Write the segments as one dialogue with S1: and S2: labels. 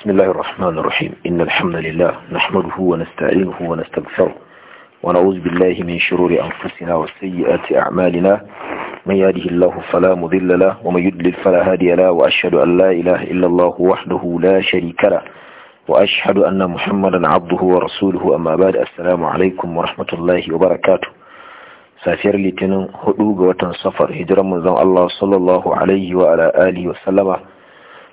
S1: بسم الله الرحمن الرحيم إن الحمد لله نحمده ونستعينه ونستغفره ونعوذ بالله من شرور أنفسنا وسيئات أعمالنا من يهده الله فلا مضل له ومن يضلل فلا هادي له وأشهد أن لا إله إلا الله وحده لا شريك له وأشهد أن محمدا عبده ورسوله أما بعد السلام عليكم ورحمة الله وبركاته سافر لتنم هدوغ وتنصفر هجر من الله صلى الله عليه وعلى آله وسلم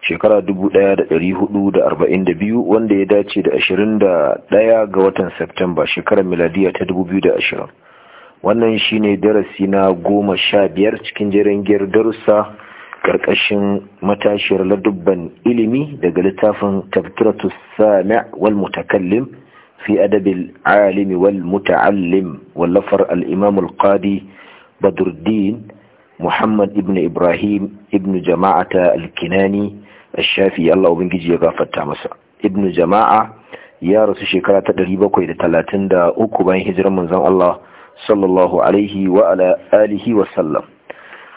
S1: shekara 1442 wanda ya dace da 21 ga watan Septemba shekarar miladiya ta 2020 wannan shine darasi na goma sha biyar cikin jirangiyar darussa karkashin matashiyar ladubban ilimi daga littafin tafkiratu sami' wal mutakallim fi adabil alimi wal muta'allim wallafar al imamul al-qadi muhammad ibn ibrahim ibn jama'ata al-kinani shafi Allah ubangiji ya gafarta masa ibnu jama'a ya rasu shekara ta 733 bayan hijirar manzon Allah sallallahu alaihi wa ala alihi wa sallam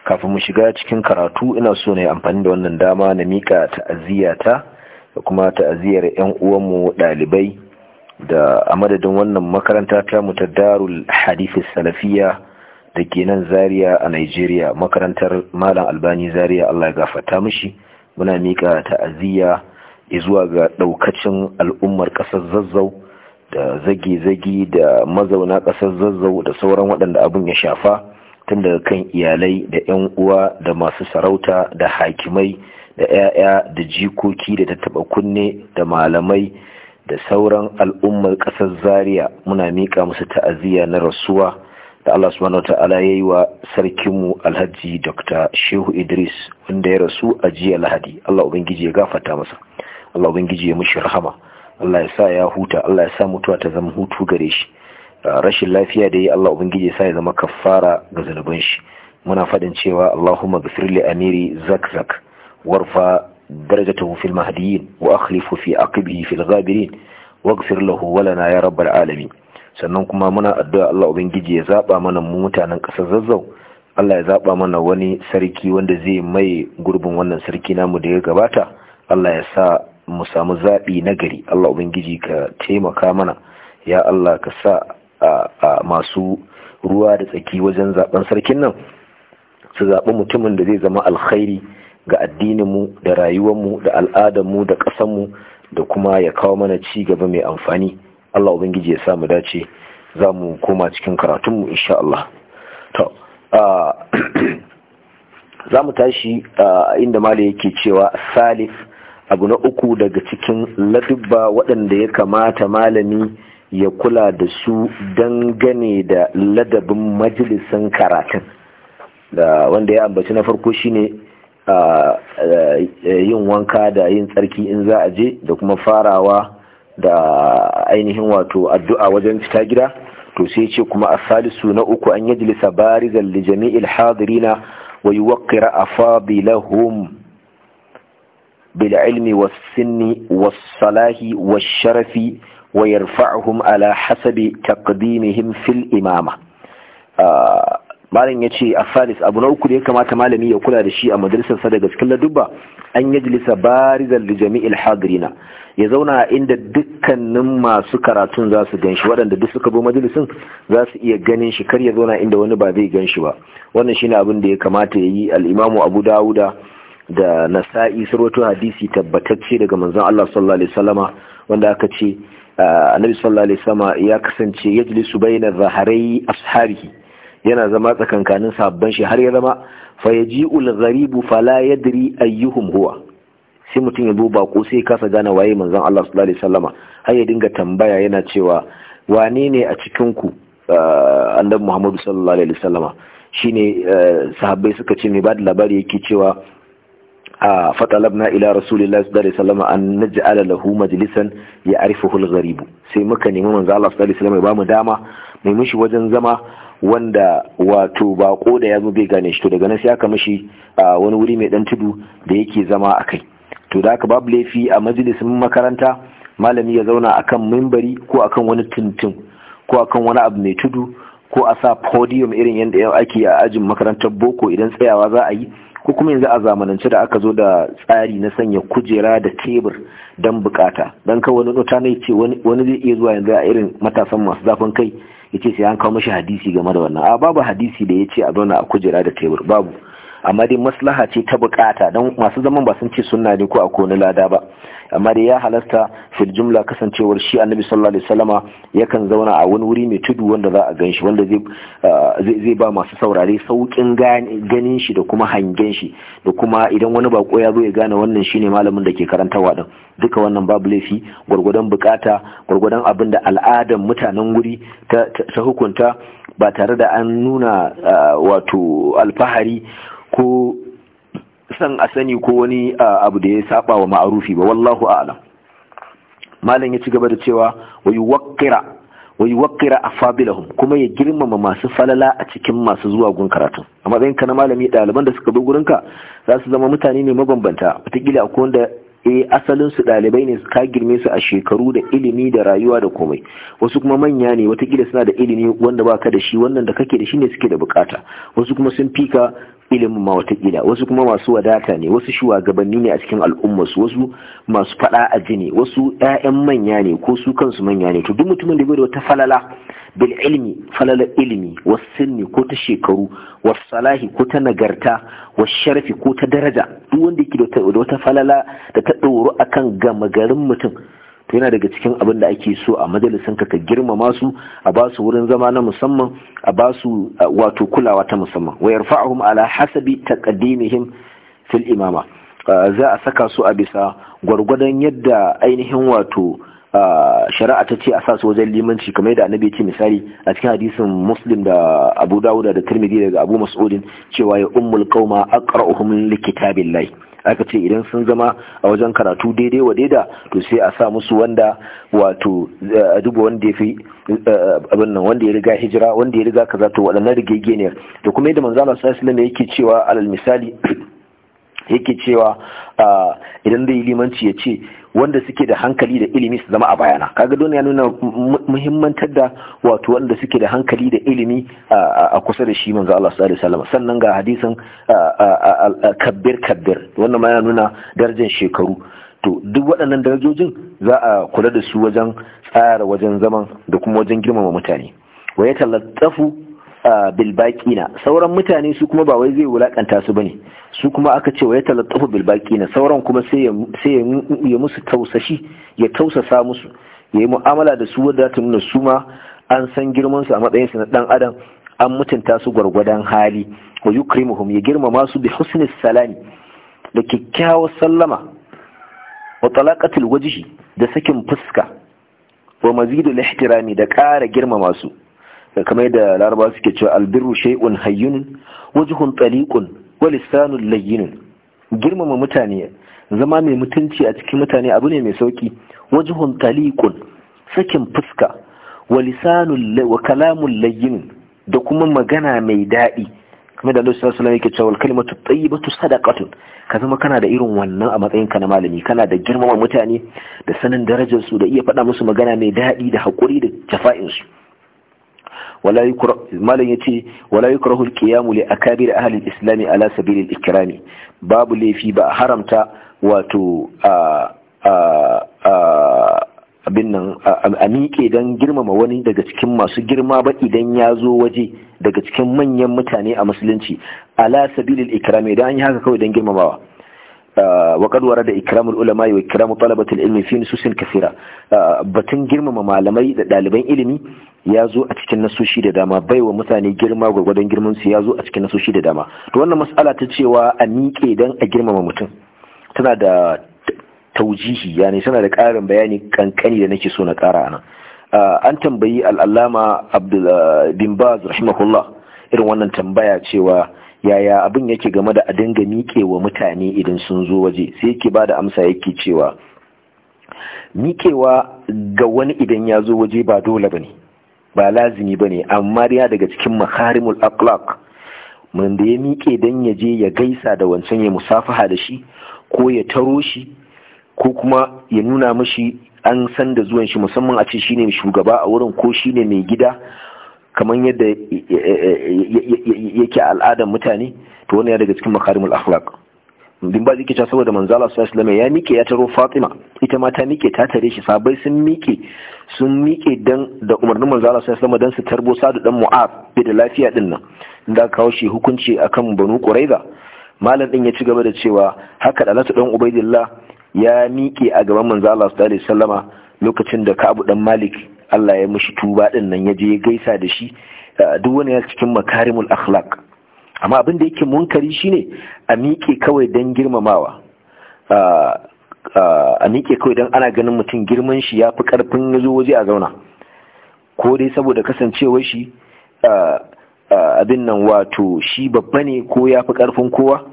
S1: kafin mu shiga cikin karatu ina so na yi amfani da wannan dama na mika ta'aziyata da kuma ta'aziyar yan uwanmu dalibai da a madadin wannan makaranta ta mu ta Darul Hadith Salafiyya da nan Zaria a Nigeria makarantar Malam Albani Zaria Allah ya gafarta mishi muna miƙa ta'aziyya zuwa ga ɗaukacin al'ummar ƙasar zazzau da zage-zage da mazauna ƙasar zazzau da sauran waɗanda abin ya shafa tun daga kan iyalai da 'yan uwa da masu sarauta da hakimai da 'ya'ya da jikoki da tattaɓa kunne da malamai da sauran al'ummar ƙasar zaria muna miƙa musu ta'aziyya na rasuwa da Allah subhanahu ta'ala ya yi wa sarkinmu alhaji dr shehu idris wanda ya rasu a jiya lahadi Allah ubangiji ya gafata masa Allah ubangiji ya mushi rahama Allah ya sa ya huta Allah ya sa mutuwa ta zama hutu gare shi ah, rashin lafiya da yi Allah ubangiji ya sa ya zama kafara ga zanuban shi muna faɗin cewa Allahumma ghfir li amiri zakzak warfa درجته wa المهديين وأخلف في عقبه في الغابرين واغفر له ولنا يا رب العالمين sannan kuma muna addu'a Allah ubangiji ya zaba mana mu mutanen ƙasar zazzau Allah ya zaba mana wani sarki wanda zai mai gurbin wannan sarki namu da ya gabata Allah ya sa mu samu zaɓi na gari Allah ubangiji ka taimaka mana ya Allah ka sa a masu ruwa da tsaki wajen zaben sarkin nan su zaɓi mutumin da zai zama alkhairi ga addininmu da rayuwarmu da al'adarmu da ƙasarmu da kuma ya kawo mana ci gaba mai amfani Allah ubangiji ya sa mu dace za mu koma cikin karatunmu insha Allah za mu tashi inda malam yake cewa salif abu na uku daga cikin ladubba waɗanda ya kamata malami ya kula da su dangane da ladabin majalisan karatun da wanda ya ambaci na farko shine yin wanka da yin tsarki in za a je da kuma farawa da ainihin wato addu'a wajen fita gida to sai ce kuma a salisu na uku an yajlisa barizan li jami'il hadirina wa yuwaqqira afabilahum bil ilmi wa sinni wa salahi wa sharafi wa yarfa'uhum ala hasabi taqdimihim fil imama malam ya ce a salis abu na uku da ya kamata malami ya kula da shi a madrasarsa daga cikin ladubba an yajlisa barizan li jami'il hadirina ya zauna inda dukkanin masu karatun za su gan shi waɗanda duk suka bi majalisin za su iya ganin shi kar ya zauna inda wani ba zai gan shi ba wannan shine abin da ya kamata ya yi al'imamu abu dawuda da nasa'i sarwato hadisi tabbatacce daga manzon Allah sallallahu alaihi wasallama wanda aka ce annabi sallallahu alaihi wasallama ya kasance yajlisu baina zaharai ashabihi yana zama tsakankanin sabban shi har ya zama fayaji'ul gharibu fala yadri ayyuhum huwa sai mutum ya zo bako sai kasa gane waye manzon Allah sallallahu alaihi wasallama har ya dinga tambaya yana cewa wane ne a cikin ku eh, annabi Muhammadu sallallahu alaihi wasallama shine eh, sahabbai suka ce mai bada da labari yake cewa a fatalabna ila rasulillahi sallallahu alaihi wasallama an naj'ala lahu majlisan ya al gharibu sai muka nemi Manzon Allah sallallahu alaihi wasallama ya bamu dama mai mishi wajen zama wanda wato bako da ya yazo bai gane shi to daga nan sai aka mishi eh, wani wuri mai dan tudu da yake zama a kai. to da haka babu laifi a majalisin makaranta malami ya zauna akan mimbari ko akan wani tuntun ko akan wani abu mai tudu ko a sa podium irin yadda yau ake a ajin makarantar boko idan tsayawa za a yi ko kuma yanzu a zamanance da aka zo da tsari na sanya kujera da tebur don bukata don ka wani dota ne ce wani zai iya zuwa yanzu a irin matasan masu zafin kai ya ce sai an kawo mashi hadisi game da wannan a babu hadisi da ya ce a zauna a kujera da tebur babu amma dai maslaha ce ta bukata don masu zaman ba sun ce sunna ne ko a koni lada ba amma dai ya halasta fil jumla kasancewar shi annabi sallallahu alaihi wasallama yakan zauna a wani wuri mai tudu wanda za a gan wanda uh, zai ba masu saurare saukin ganin shi da kuma hangen shi da kuma idan wani bako ya zo ya gane wannan shine malamin da ke karantarwa din duka wannan babu laifi gwargwadon bukata gwargwadon abin da al'adan mutanen wuri ta hukunta ba tare da an nuna uh, wato alfahari ko san a sani ko wani abu da ya saba wa ma'arufi ba wallahu a'lam malam ya ci gaba da cewa wa waqira wayu waqira afabilahum kuma ya girmama masu falala a cikin masu zuwa gun karatu a matsayin ka na malami ɗaliban da suka bi gurin ka za su zama mutane ne mabambanta wataƙila akwai wanda eh asalin su ɗalibai ne ka girme su a shekaru da ilimi da rayuwa da komai wasu kuma manya ne watakila suna da ilimi wanda baka da shi wannan da kake da shi ne suke da bukata wasu kuma sun fika ilimin ma watakila wasu kuma masu wadata ne wasu shugabanni ne a cikin al'ummarsu wasu masu fada a jini wasu 'ya'yan manya ne ko su kansu manya ne to duk mutumin da bai da wata falala bil ilmi falala ilimi was sinni ko ta shekaru wasalahi salahi ko ta nagarta washarfi sharafi ko ta daraja duk wanda yake da wata falala da ta ɗoro akan gama garin mutum to yana daga cikin abin da ake so a majalisin ka ka girmama su a ba su wurin zama na musamman a ba su wato kulawa ta musamman wa yarfa'uhum ala hasabi taqdimihim fil imama za a saka su a bisa gwargwadon yadda ainihin wato shari'a ta ce a sa su wajen limanci kamar yadda annabi ya ce misali a cikin hadisin muslim da abu dawuda da tirmidhi daga abu mas'udin cewa ya ummul qauma aqra'uhum likitabillahi aka ce idan sun zama a wajen karatu daidai wa daida to sai a sa musu wanda wato eh, a duba wanda ya fi eh, abin nan wanda ya riga hijira wanda ya riga kaza to waɗannan rigege ne da kuma yadda manzo Allah sallallahu alaihi wasallam yake cewa alal misali yake cewa ah, idan da yi limanci ya ce wanda suke da hankali da ilimi su zama a bayana kaga don ya nuna muhimmantar da wato wanda suke da hankali da ilimi a kusa da shi manzo Allah sallallahu alaihi wasallam sannan ga hadisin kabbir kabbir wannan ma yana nuna darajar shekaru to duk waɗannan darajojin za a kula da su wajen tsara wajen zaman da kuma wajen girmama mutane wa ya tallattafu bilbaƙina sauran mutane su kuma ba wai zai wulakanta su bane su kuma aka ce wa ya talattafu bilbaƙina sauran kuma sai ya musu tausashi ya tausasa musu ya yi mu'amala da su wadda ta nuna su ma an san girman su a matsayin su na dan adam an mutunta su gwargwadon hali wa yukrimuhum ya girmama su bi husni salami da kyakkyawar sallama wa talaqatul wajhi da sakin fuska wa mazidul ihtirami da ƙara girmama su kamar da laraba suke cewa albirru shay'un hayyun wajhun taliqun wa lisanun layyinun girmama mutane zama mai mutunci a cikin mutane abu ne mai sauki wajhun taliqun sakin fuska wa lisanun wa kalamun layyinun da kuma magana mai daɗi kamar da Allah sallallahu alaihi yake cewa kalimatu tayyibatu sadaqatu ka zama kana da irin wannan a matsayin ka na malami kana da girmama mutane da sanin darajar su da iya faɗa musu magana mai daɗi da hakuri da jafa'in su wala malam ya wala yukrahu al-qiyam li akabir ahli al ala sabil babu laifi ba haramta wato a abin nan a miƙe don girmama wani daga cikin masu girma ba idan ya zo waje daga cikin manyan mutane a musulunci ala sabilil idan an yi haka kawai don girmamawa wa kad da ikramul ulama wa ikramu talabatul ilmi fi nususin kathira batun girmama malamai da ɗaliban ilimi ya zo a cikin nasoshi da dama bai wa mutane girma gwargwadon girman su ya zo a cikin nasoshi da dama to wannan matsala ta cewa a miƙe don a girmama mutum tana da taujihi yani tana da ƙarin bayani kankani da nake so na ƙara anan ah, an tambayi al'allama abdul ah, bin baz rahimahullah irin wannan tambaya cewa yaya abin yake game da a dinga miƙe wa mutane idan sun zo waje sai yake ba da amsa yake cewa miƙewa ga wani idan ya zo waje ba dole ba ne ba lazimi ba ne, amma ya daga cikin makarimul akhlaq mun ya miƙe dan ya je ya gaisa da wancan ya musafaha da shi ko ya taro shi ko kuma ya nuna mishi an san da zuwan shi musamman a ce shine shugaba a wurin ko shine mai gida kamar yadda yake al'adar mutane to wannan ya daga cikin makarimul akhlaq din ba zike saboda manzo Allah sallallahu alaihi wasallam ya mike ya taro Fatima ita ma ta mike ta tare shi sabai sun mike sun mike dan da umarnin manzo Allah sallallahu alaihi wasallam dan su tarbo sadu dan Mu'ab bi da lafiya din nan inda kawo shi hukunci akan Banu Quraiza malam din ya ci gaba da cewa haka da Alatu dan Ubaidillah ya mike a gaban manzo Allah sallallahu alaihi wasallama lokacin da Ka'ab dan Malik Allah ya mushi tuba din nan ya je gaisa da shi duk wani ya cikin makarimul akhlaq amma abin da yake munkari shine a miƙe kawai don girmamawa a miƙe kawai don ana ganin mutum girman shi ya fi ƙarfin ya waje a zauna ko dai saboda kasancewar shi abin nan wato shi babba ne ko ya fi ƙarfin kowa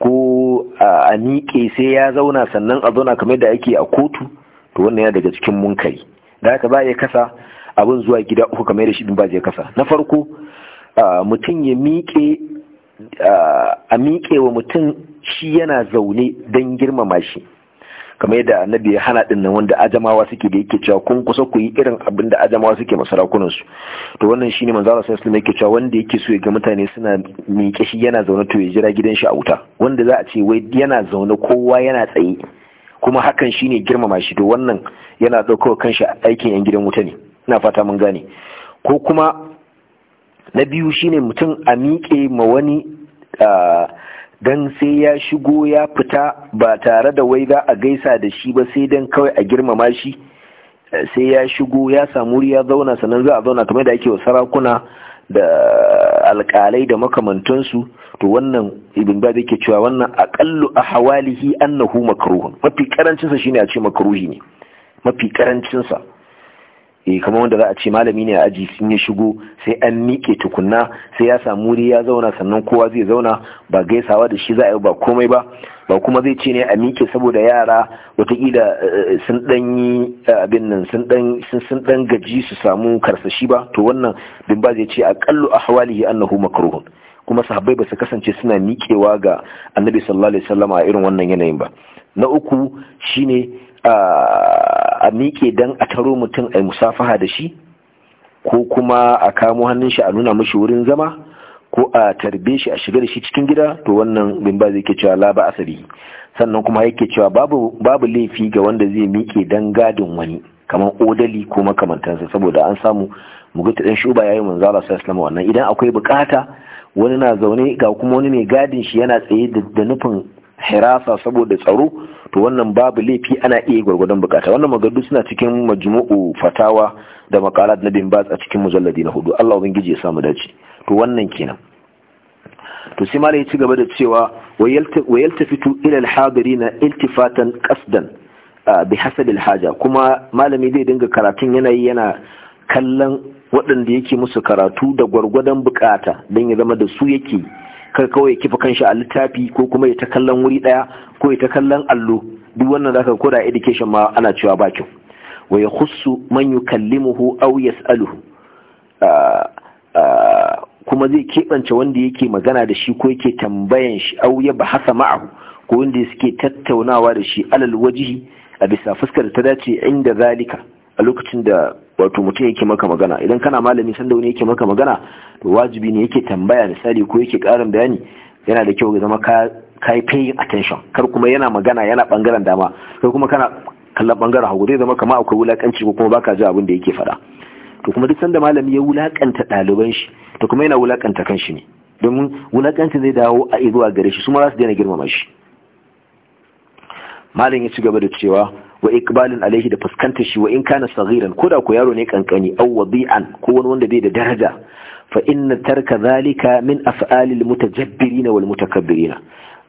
S1: ko a miƙe sai ya zauna sannan a zauna kamar da ake a kotu to wannan yana daga cikin munkari da haka za a kasa abin zuwa gida uku kamar da shi ba zai kasa na farko mutum ya miƙe a miƙe wa mutum shi yana zaune don girmama shi kamar yadda annabi ya hana din nan wanda ajamawa suke da yake cewa kun kusa ku yi irin abin da ajamawa suke masarakunan su to wannan shine manzo Allah sallallahu alaihi yake cewa wanda yake so ya ga mutane suna miƙe shi yana zaune to ya jira gidan shi a wuta wanda za a ce wai yana zaune kowa yana tsaye kuma hakan shine girmama shi to wannan yana ɗaukar kanshi aikin yan gidan wuta ne ina fata mun gane ko kuma na biyu shine mutum a miƙe ma wani dan sai ya shigo ya fita ba tare da wai za a gaisa da shi ba sai dan kawai a girmama shi sai ya shigo ya samu ya zauna sannan za a zauna kamar da ake wa sarakuna da alkalai da makamantansu to wannan ibn zai ke cewa wannan aqallu hawalihi annahu makruhun mafi karancinsa shi shine a ce makruhi ne mafi karancinsa eh kamar wanda za a ce malami ne a aji sun ya shigo sai an miƙe tukunna sai ya samu wuri ya zauna sannan kowa zai zauna ba gaisawa da shi za a yi ba komai ba ba kuma zai ce ne a miƙe saboda yara watakila eh, sun ɗan yi eh, abin nan sun ɗan gaji su samu karsashi ba to wannan bin ba zai ce ƙallo a hawalihi annahu makruhun kuma sahabbai ba su kasance suna miƙewa ga annabi sallallahu alaihi wasallam a irin wannan yanayin ba na uku shine a miƙe don a taro mutum a musafaha da shi ko kuma a kamo hannun shi a nuna mashi wurin zama ko a tarbe shi a shiga da shi cikin gida to wannan bimba zai ke cewa laba asali sannan kuma yake cewa babu laifi ga wanda zai miƙe dan gadin wani kamar odali ko makamantansa saboda an samu mugata ɗan shuba yayin manzo Allah sallallahu alaihi wannan idan akwai bukata wani na zaune ga kuma wani mai gadin shi yana tsaye da nufin hirasa saboda tsaro to wannan babu laifi ana iya gwargwadon bukata wannan magadu suna cikin majmu'u fatawa da makalat na bin a cikin mujalladi na hudu Allah ubangiji ya samu dace to wannan kenan to sai malai ci gaba da cewa wa yaltafitu ila al-hadirina iltifatan qasdan bi hasab al-haja kuma malami zai dinga karatun yanayi yana kallon waɗanda yake musu karatu da gwargwadon bukata don ya zama da su yake kar kawai ya kifa kanshi a littafi ko kuma ya ta kallon wuri daya ko ya ta kallon allo duk wannan zaka koda education ma ana cewa ba kyau wa yakhussu man yukallimuhu aw yas'aluhu ah, ah, kuma zai keɓance wanda yake magana da shi ko yake tambayan shi aw ya bahasa ma'ahu ko wanda suke tattaunawa da shi alal wajihi a bisa fuskar ta dace inda zalika a lokacin da wato mutum yake maka magana idan kana malami sanda wani yake maka magana to wajibi ne yake tambaya misali ko yake karin bayani yana da kyau ga zama ka kai paying attention kar kuma yana magana yana bangaren dama kai kuma kana kallon bangaren hagu zai zama kama akwai wulakanci ko kuma baka ji abin da yake faɗa to kuma duk sanda malami ya wulakanta ɗaliban shi to kuma yana wulakanta kanshi ne domin wulakanci zai dawo a zuwa gare shi su ma za su daina girmama shi malam ya ci gaba da cewa wa iqbalin alaihi da fuskantar shi wa in kana saghiran koda ko yaro ne kankani aw wadi'an ko wani wanda bai da daraja fa inna tarka zalika min af'alil mutajabbirin wal mutakabbirin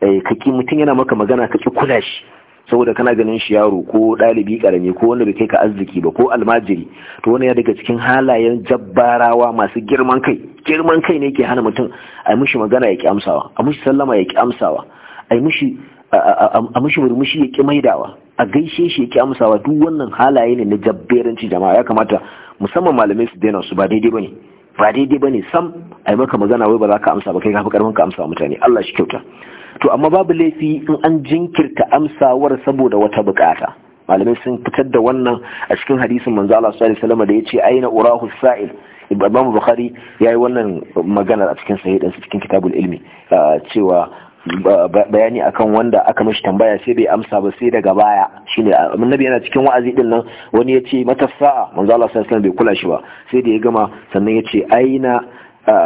S1: eh kaki mutun yana maka magana kaki kula shi saboda kana ganin shi yaro ko ɗalibi karami ko wanda bai kai ka arziki ba ko almajiri to wani ya daga cikin halayen jabbarawa masu girman kai girman kai ne ke hana mutum ai mishi magana ya ki amsawa a mishi sallama ya ki amsawa ai mishi a mushi murmushi ya ki maidawa a gaishe shi ya ki amsawa duk wannan halaye ne na jabberanci jama'a ya kamata musamman malamai su daina su ba daidai bane ba daidai bane sam yi maka magana wai ba za ka amsa ba kai ka fi karfin ka amsa wa mutane Allah shi kyauta to amma babu laifi in an jinkirta amsawar saboda wata bukata malamai sun fitar da wannan a cikin hadisin manzo Allah sallallahu alaihi wasallam da yace aina urahu sa'il Imam Bukhari yi wannan magana a cikin sahihin cikin kitabul ilmi cewa bayani akan wanda aka mashi tambaya sai bai amsa ba sai daga baya shine annabi yana cikin wa'azi din nan wani ya ce mata sa'a manzo Allah sallallahu bai kula shi ba sai da ya gama sannan ya ce aina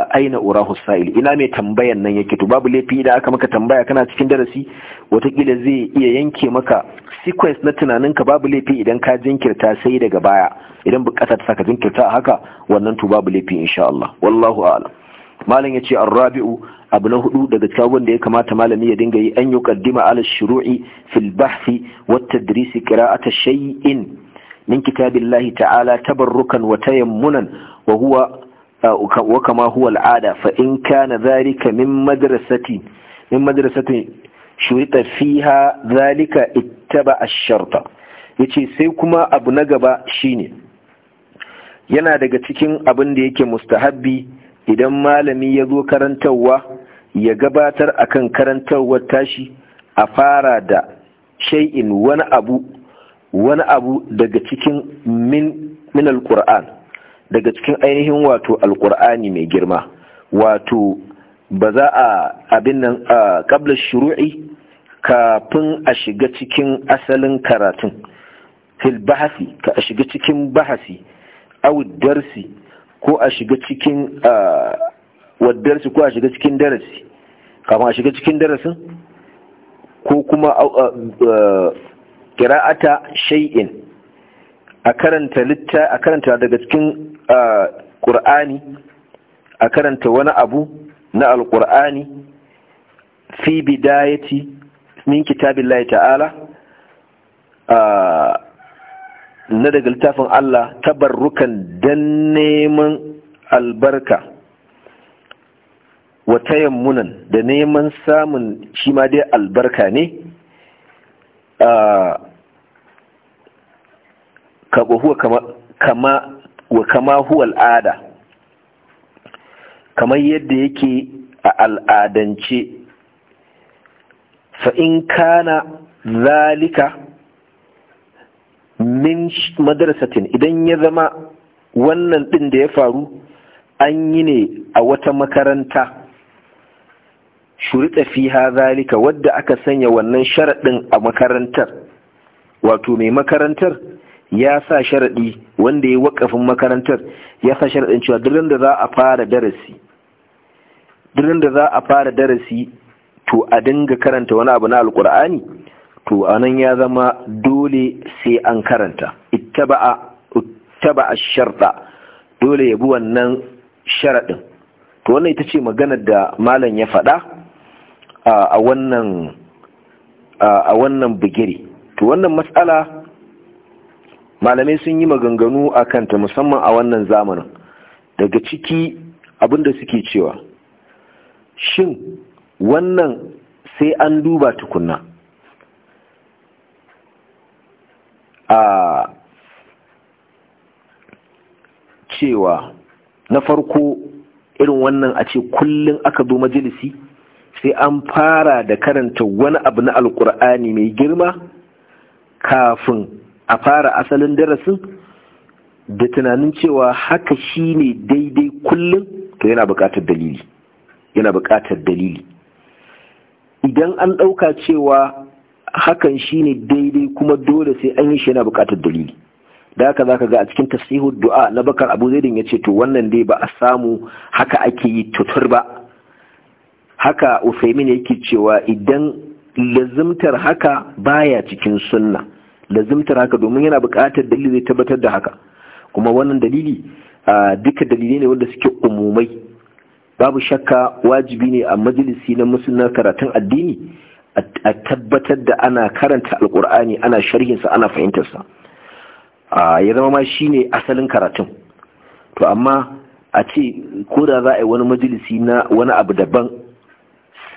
S1: aina urahu sa'il ina mai tambayan nan yake to babu laifi idan aka maka tambaya kana cikin darasi watakila zai iya yanke maka sequence na tunaninka babu laifi idan ka jinkirta sai daga baya idan bukata ta saka jinkirta haka wannan to babu laifi insha Allah wallahu a'lam malam yace ar-rabi'u abu na hudu daga cikin da ya kamata malami ya dinga yi an yuqaddima ala shuru'i fil bahthi wa tadris qira'ata shay'in min kitabillahi ta'ala tabarrukan wa tayammunan wa huwa uh, wa kama huwa al'ada fa in kana dhalika min madrasati min madrasati shurita fiha dhalika ittaba ash-sharta yace sai kuma abu na gaba shine yana daga cikin abin da yake mustahabbi idan malami ya zo karantarwa ya gabatar a kan karantarwar tashi a fara da shay'in wani abu wani abu daga cikin min min daga cikin ainihin wato alkur'ani mai girma wato ba za a abin nan A. ƙablar shuru'i kafin a shiga cikin asalin karatun fil bahasi ka a shiga cikin bahasi aw darsi ko a shiga cikin wadarsi ko a shiga cikin darasi kama a shiga cikin darasin ko kuma kira'ata uh, uh, shay'in a karanta litta a karanta daga cikin ƙur'ani uh, a karanta wani abu na alƙur'ani fi bidayati min kitabillahi ta'ala na daga littafin Allah ta tabarrukan dan neman albarka Wata yammunan da neman samun shi ma dai albarka ne wa kama huwa al'ada kamar yadda yake a al'adance fa'in kana zalika min madrasatin idan ya zama wannan ɗin da ya faru an yi ne a wata makaranta shurita fiha zalika wadda aka sanya wannan sharaɗin a makarantar wato mai makarantar ya sa sharaɗi wanda ya wakafin makarantar ya sa sharaɗin cewa durin da za a fara darasi duran da za a fara darasi to a dinga karanta wani abu na alkur'ani to a nan ya zama dole sai an karanta ba a sharɗa dole ya bi wannan sharaɗin to wannan ita ce maganar da malam ya faɗa a wannan bugiri, to wannan matsala malamai sun yi maganganu a kanta musamman a wannan zamanin daga ciki abinda suke cewa shin wannan sai an duba tukunna a cewa na farko irin wannan a ce kullum aka zo majalisi sai an fara da karanta wani abu na alkur'ani mai girma kafin a fara asalin darasin da tunanin cewa haka shi ne daidai kullum to yana buƙatar dalili yana bukatar dalili idan an ɗauka cewa hakan shi ne daidai kuma dole sai an yi shi yana bukatar dalili da haka zaka ga a cikin tasihu du'a na bakar abu zaidin ya ce to wannan dai ba a samu haka ake yi tutur ba haka usaimin yake cewa idan lazimtar haka baya cikin sunna lazimtar haka domin yana buƙatar dalili zai tabbatar da haka kuma wannan dalili duka dalilai ne wanda suke umumai babu shakka wajibi ne a majalisi na musulna karatun addini a tabbatar da ana karanta alkur'ani ana sharhinsa ana fahimtarsa ya zama ma shine asalin karatun to amma a ce ko da za a yi wani majalisi na wani abu daban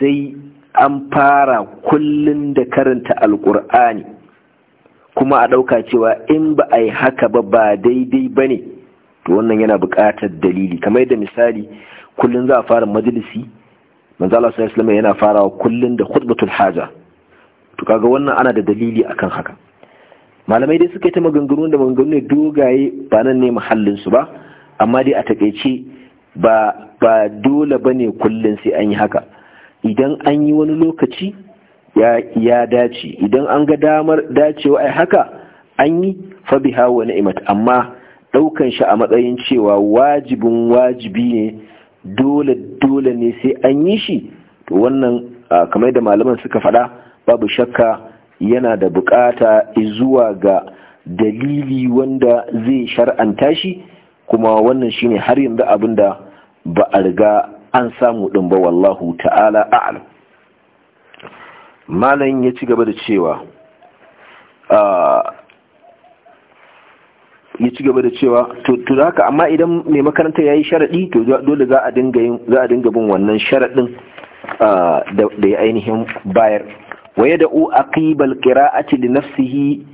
S1: sai an fara kullum da karanta alkur'ani kuma a ɗauka cewa in ba a yi haka ba ba daidai ba ne to wannan yana buƙatar dalili kamar yadda misali kullum za a fara majalisi manzo Allah sallama yana farawa kullum da khutbatul haja to kaga wannan ana da dalili akan haka malamai dai suka yi ta maganganu da maganganu ne dogaye ba nan ne muhallin su ba amma dai a takeice ba ba dole bane kullum sai an yi haka idan an yi wani lokaci ya dace idan an ga damar dacewa ai haka an yi fabiha wa ni'imat amma daukan shi a matsayin cewa wajibin wajibi ne dole dole ne sai an yi shi to wannan kamar da malaman suka faɗa babu shakka yana da bukata zuwa ga dalili wanda zai shar'anta shi kuma wannan shine har yanzu abin da ba a riga an samu ɗin ba wallahu ta'ala a'lam malam ya ci gaba da cewa ya ci gaba da cewa to da haka amma idan mai makaranta ya yi sharaɗi to dole za a dinga bin wannan sharaɗin da ya ainihin bayar waya da u aqibal qira'ati da nafsihi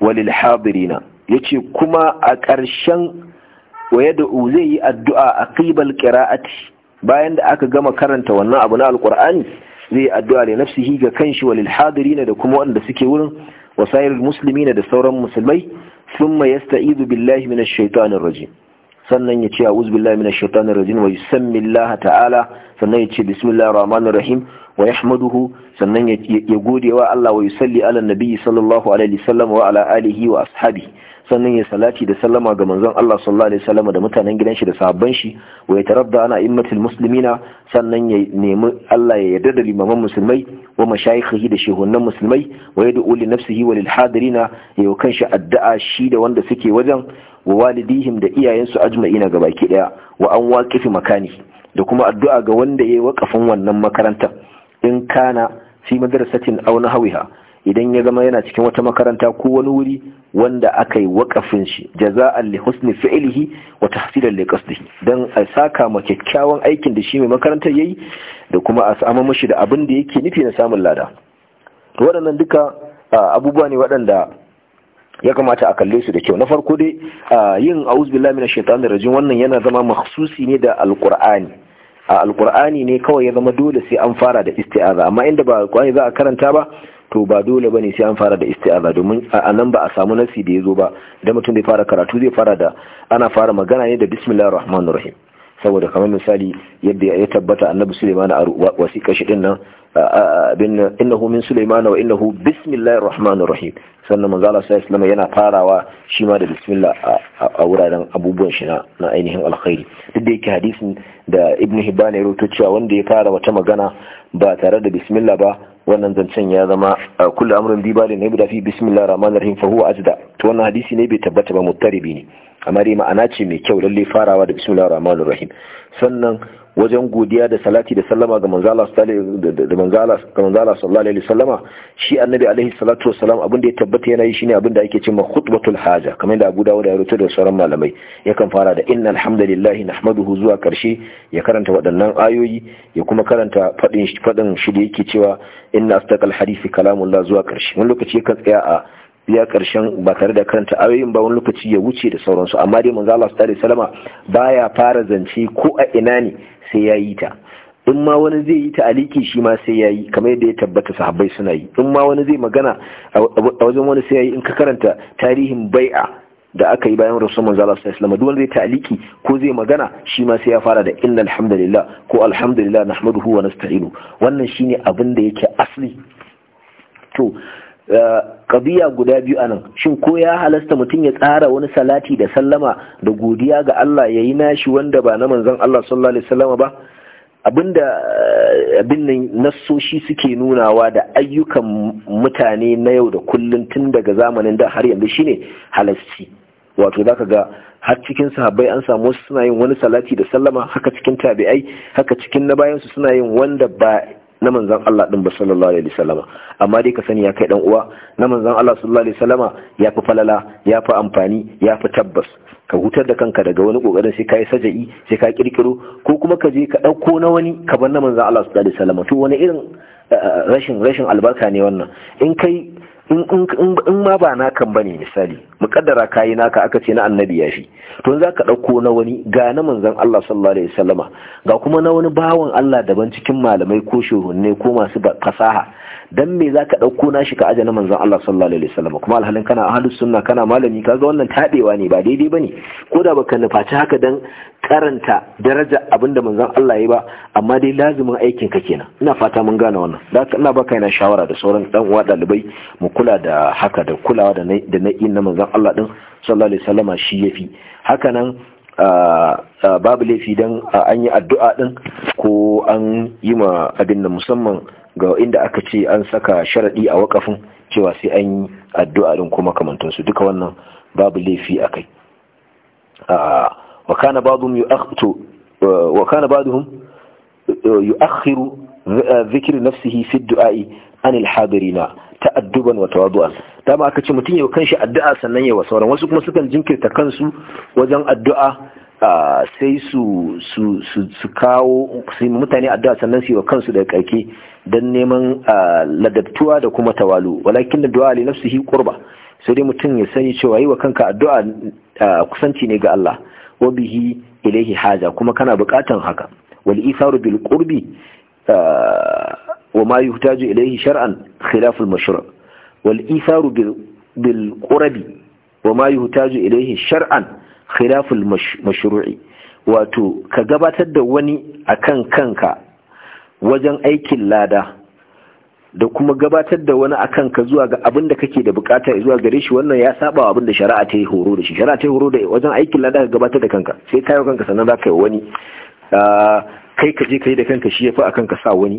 S1: wa lilhabirina, ya ce kuma a ƙarshen waya da u zai yi addu'a a aqibal qira'ati bayan da aka gama karanta wannan abu na alkur'ani zai addu'a li nafsihi ga kanshi walil hadirina da kuma wanda suke wurin wasayil muslimina da sauran musulmai thumma yasta'izu billahi minash shaitanir rajim sannan ya ce a uzbillahi min shaitanir rajim wa yusammi ta'ala sannan ya ce bismillahir rahmanir rahim wa yahmaduhu sannan ya gode wa Allah wa yusalli ala nabi sallallahu alaihi wasallam wa ala alihi wa ashabi sannan ya salati da sallama ga manzon Allah sallallahu alaihi wasallam da mutanen gidan shi da sahabban shi wa ya tarabda ana immatul muslimina sannan ya nemi Allah ya yarda da limaman musulmai wa mashayikhihi da shehunan musulmai wa yad'u li nafsihi wa lil hadirina ya kanshi addu'a shi da wanda suke wajen wa walidihim da iyayensu ajma'i ajma'ina gabaki daya wa an waqifi makani da kuma addu'a ga wanda yayi wakafin wannan makarantar in kana fi madrasatin aw nahwiha idan ya zama yana cikin wata makaranta ko wani wuri wanda aka yi wakafin shi jaza'an li husni fi'lihi wa tahsilan li qasdihi dan a saka ma kyakkyawan aikin da shi mai makarantar yayi da kuma a samu mishi da abin da yake nufi na samun lada waɗannan duka abubuwa ne waɗanda ya kamata a kalle su da kyau na farko dai yin auz billahi minash shaitanir rajim wannan yana zama makhsusi ne da alqur'ani a alqur'ani ne kawai ya zama dole sai an fara da isti'aza amma inda ba alqur'ani za a karanta ba to ba dole bane sai an fara da isti'aza domin a nan ba a samu nasi da yazo ba da mutum bai fara karatu zai fara da ana fara magana ne da bismillahir rahmanir rahim saboda kamar misali yadda ya tabbata annabi Sulaiman a wasiƙa shi din nan bin innahu min Sulaiman wa innahu bismillahir rahmanir rahim sannan manzo Allah sai yana farawa shi ma da bismillah a wuraren abubuwan shi na ainihin alkhairi duk da yake hadisin da Ibn Hibban ya rawaito cewa wanda ya fara wata magana ba tare da bismillah ba wannan zancen ya zama kullu amrun bi balin ne da fi bismillah rahman rahim fa huwa ajda to wannan hadisi ne bai tabbata ba muttaribi ne amma dai ma'ana ce mai kyau lalle farawa da bismillah rahman rahim sannan wajen godiya da salati da sallama ga manzala sallallahu alaihi sallama shi annabi alaihi salatu wasallam abin da ya tabbata yana yi shine abin da ake cewa khutbatul haja kamar da Abu Dawud ya rubuta da sauran malamai yakan fara da innal hamdalillahi nahmaduhu zuwa karshe ya karanta waɗannan ayoyi ya kuma karanta fadin fadin shi da yake cewa inna astaqal hadisi kalamullah zuwa karshe wani lokaci yakan tsaya a ya karshen ba tare da karanta ayoyin ba wani lokaci ya wuce da sauransu amma dai manzo Allah sallallahu alaihi wasallama baya fara zance ko a ina ne sai ya yi ta in ma wani zai yi ta'aliki shi ma sai ya yi kamar yadda ya tabbata sahabbai suna yi in ma wani zai magana a wajen wani sai ya yi in ka karanta tarihin bai'a da aka yi bayan rasul manzo Allah sallallahu alaihi wasallam duk wanda zai ta'aliki ko zai magana shi ma sai ya fara da inna alhamdulillah ko alhamdulillah nahmaduhu wa nasta'inu wannan shine abin da yake asli to ƙabiya guda biyu anan shin ko ya halasta mutum ya tsara wani salati da sallama da godiya ga Allah ya yi nashi wanda ba na manzan Allah sallallahu alaihi wasallama ba abinda eh, abin nan nassoshi suke nunawa da ayyukan mutane na yau da kullun tun daga zamanin da har yanzu shine halasci wato zaka ga har cikin sahabbai an samu suna yin wani salati da sallama haka cikin tabi'ai haka cikin na bayan suna yin wanda ba na manzan Allah ɗin ba sallallahu alaihi wasallama amma dai ka sani ya kai dan uwa na manzan Allah sallallahu alaihi wasallama ya fi falala ya fi amfani ya fi tabbas ka hutar da kanka daga wani ƙoƙarin sai ka yi saja'i sai ka kirkiro ko kuma ka je ka ɗauko na wani ka bar na manzan Allah sallallahu alaihi wasallama to wani irin eh, eh, rashin rashin albarka ne wannan in kai in ma ba kan bane misali mukaddara kayi naka aka ce na annabi ya shi, to za ka ɗauko na wani ga na manzon Allah sallallahu alaihi wasallama ga kuma na wani bawan Allah daban cikin malamai ko shuhunne ko masu fasaha dan me za ka ɗauko nashi ka aje na manzon Allah sallallahu alaihi wasallam kuma alhalin kana ahlus sunna kana malami kaga wannan tabewa ne ba daidai bane ko da baka nufaci haka dan karanta daraja abinda manzon Allah ya ba amma dai lazimin aikin ka kenan ina fata mun gane wannan da ina baka yana shawara da sauran dan uwa dalibai mu kula da haka da kulawa da da na'in na manzon Allah din sallallahu alaihi wasallama shi yafi haka nan babu laifi dan an yi addu'a din ko an yi ma abin da musamman ga inda aka ce an saka sharaɗi a wakafin cewa sai an yi addu'a din kuma kamantansu duka wannan babu laifi a kai wakana baduhum yu e, akhiru zikirin nafsihi fi du'a'i an ilhadirina ta'adduban wa tawadu'an dama aka ce mutum yau kanshi addu'a sannan yawa sauran wasu kuma sukan jinkirta kansu wajen addu'a sai su su su su kawo sai mutane addu'a sannan su yi wa kansu da kake dan neman ladabtuwa da kuma tawalu walakin da du'a li nafsihi qurba sai dai mutum ya sani cewa yi wa kanka addu'a kusanci ne ga Allah wa bihi ilaihi haja kuma kana buƙatan haka wal isaru bil qurbi wa ma yuhtaju ilaihi shar'an khilaf al mashru' wal isaru bil qurbi wa ma yuhtaju ilaihi shar'an khilaful mashru'i wato ka gabatar da wani akan kanka wajen aikin lada da kuma gabatar da wani akan ka zuwa ga abin da kake da bukata zuwa gare shi wannan ya saba wa abin da shari'a ta yi horo da shi shari'a ta yi horo da wajen aikin lada ka gabatar da kanka sai kayo kanka sannan za ka yi wani ah, kai ka je ka yi da kanka shi ya fi akan ka sa wani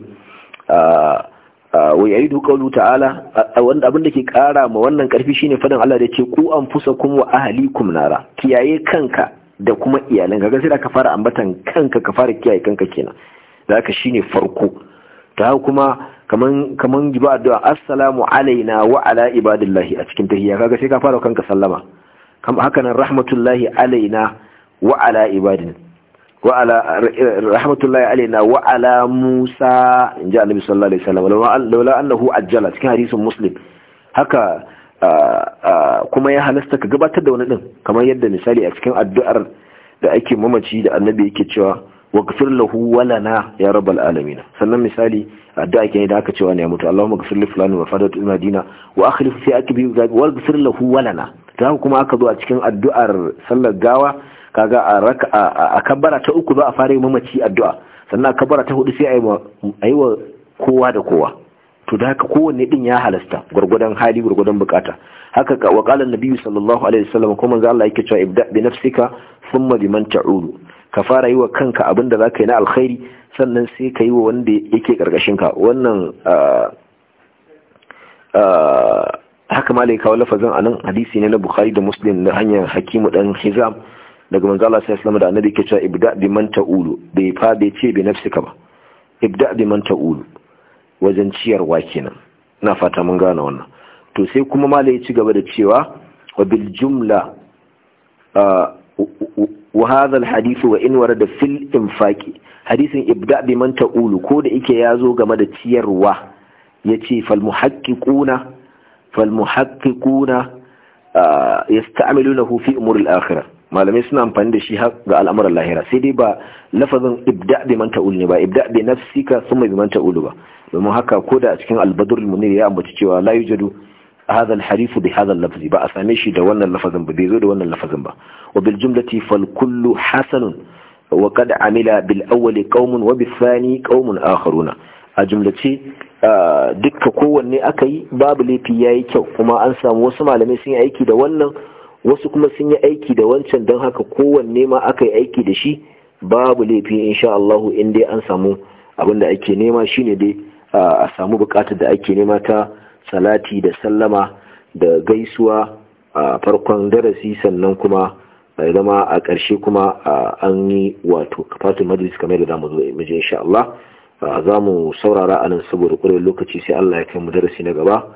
S1: ah, wa duk qawlu ta'ala wanda abin da ke kara ma wannan karfi shine fadin Allah da ce ku fusa wa ahlikum nara kiyaye kanka da kuma iyalan Ga sai da ka fara ambatan kanka ka fara kiyaye kanka kenan da haka shine farko ta kuma kaman kaman addu'a assalamu alaina wa ala ibadillahi a cikin tahiyya Ga sai ka fara kanka sallama kam hakanan rahmatullahi alaina wa ala wa ala rahmatullahi alaina wa ala musa inji annabi sallallahu alaihi wasallam laula annahu ajjala cikin hadisin muslim haka kuma ya halasta ka gabatar da wani din kamar yadda misali a cikin addu'ar da ake mamaci da annabi yake cewa waghfir lahu wa lana ya rabbal alamin sannan misali addu'a ke da aka cewa ne ya mutu Allahumma ghfir li fulani wa fadat al-madina wa akhlif fi akbi wa ghfir lahu wa lana ta kuma aka zo a cikin addu'ar sallar gawa kaga a raka a kabbara ta uku za a fara yi mamaci addu'a sannan a kabbara ta hudu sai a yi wa kowa da kowa to da haka kowanne din ya halasta gurgudan hali gurgudan bukata haka ka wa qala annabi sallallahu alaihi wasallam kuma manzo Allah yake cewa ibda bi nafsika thumma biman ta'ulu ka fara yi wa kanka abin da zaka yi na alkhairi sannan sai ka yi wa wanda yake karkashin ka wannan haka malai kawo lafazin anan hadisi ne na Bukhari da Muslim na hanyar Hakimu dan Hizam daga manzo Allah sallallahu alaihi da annabi ke cewa ibda bi man ta'ulu bai fa bai ce bi nafsika ba ibda bi man ta'ulu wajen ciyarwa kenan ina fata mun gane wannan to sai kuma malai ya ci gaba da cewa wa bil jumla wa hadha al hadith wa in warada fil infaqi hadisin ibda bi man ta'ulu ko da yake zo game da ciyarwa yace fal muhaqqiquna fal muhaqqiquna yasta'milunahu fi umuri al akhirah malamai suna amfani da shi ga al'amuran lahira sai dai ba lafazin ibda bi man ta'ul ne ba ibda bi nafsika thumma bi man ta'ul ba domin haka ko da a cikin al-badr al-munir ya ambaci cewa la yujadu hadha al-harif bi hadha al-lafz ba a same shi da wannan lafazin ba bai zo da wannan lafazin ba wa bil jumlati fal kullu hasanun wa qad amila bil awwali qaumun wa bil thani qaumun akharuna a jumlace dukka kowanne aka yi babu laifi yayi kyau kuma an samu wasu malamai sun yi aiki da wannan wasu kuma sun yi aiki da wancan don haka kowanne ma aka yi aiki da shi babu laifi sha Allah in dai an samu abin da ake nema shine dai a samu bukatar da ake nema ta salati da sallama da gaisuwa a farkon darasi sannan kuma ya zama a ƙarshe kuma an yi wato kafatun majalis kamar da za mu zo in insha Allah za mu saurara anan saboda ƙwarar lokaci sai Allah ya kai mu darasi na gaba